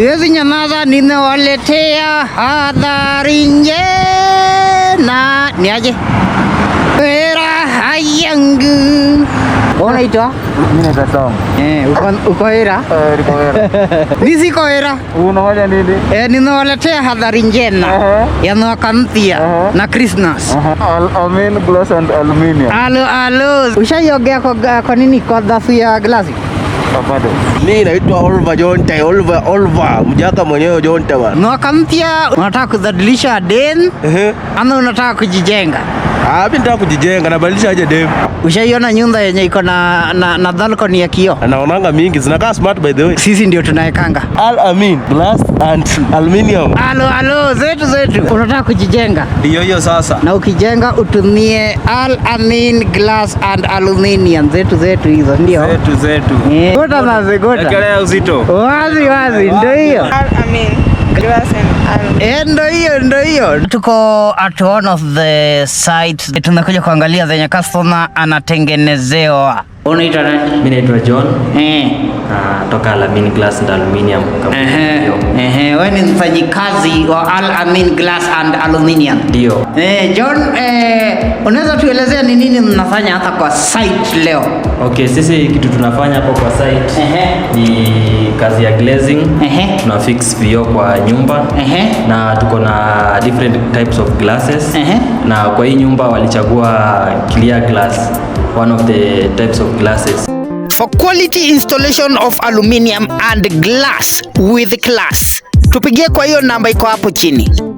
Siwezi nyamaza, nimewaletea hadhari njema. Ni aje hera yangu Unaitwa? Mimi ni Song. Eh, uko uko era? Eh, niko hera. Nisi ko hera. Unaona nini? Eh, ninawaletea hadhari njema ya mwaka mpya na Christmas. Amen, glass and aluminium. Alo, alo. Ushaiogea kwa nini kwa dhafu ya glasi? bado. Mimi naitwa Olva Jonte, Olva Olva, mjaka mwenyewe Jonte bwana. Mwaka mpya unataka kudhalilisha deni ama unataka kujijenga? Ah, mimi nataka kujijenga, nabadilisha aje dem. Ushaiona nyumba yenye iko na na, na balcony ya kioo? Naonanga mingi zinakaa smart by the way. Sisi ndio tunaekanga. Al Amin glass and aluminium. Alo alo zetu zetu. Unataka kujijenga? Ndio hiyo sasa. Na ukijenga utumie Al Amin glass and aluminium zetu zetu hizo ndio. Zetu zetu. Gota na zegota. Kelea uzito. Wazi wazi ndio hiyo. Al Amin. Eh, ndo hiyo ndo hiyo. Tuko at one of the sites. tunakuja kuangalia zenye customer anatengenezewa. Unaitwa nani? Mimi naitwa John. Eh. Natoka ah, Alamini Glass and Aluminium. Eh wewe ni mfanyikazi wa Al Amin Glass and Aluminium. Ndio. Eh, John, eh, unaweza tuelezea ni nini mnafanya hapa kwa site leo? Okay, sisi kitu tunafanya hapo kwa site uh -huh. ni kazi ya glazing. Uh -huh. Tuna fix vioo kwa nyumba Uh -huh. na tuko na different types of glasses Uh -huh. na kwa hii nyumba walichagua clear glass, one of the types of glasses. For quality installation of aluminium and glass with class. Tupigie kwa hiyo namba iko hapo chini.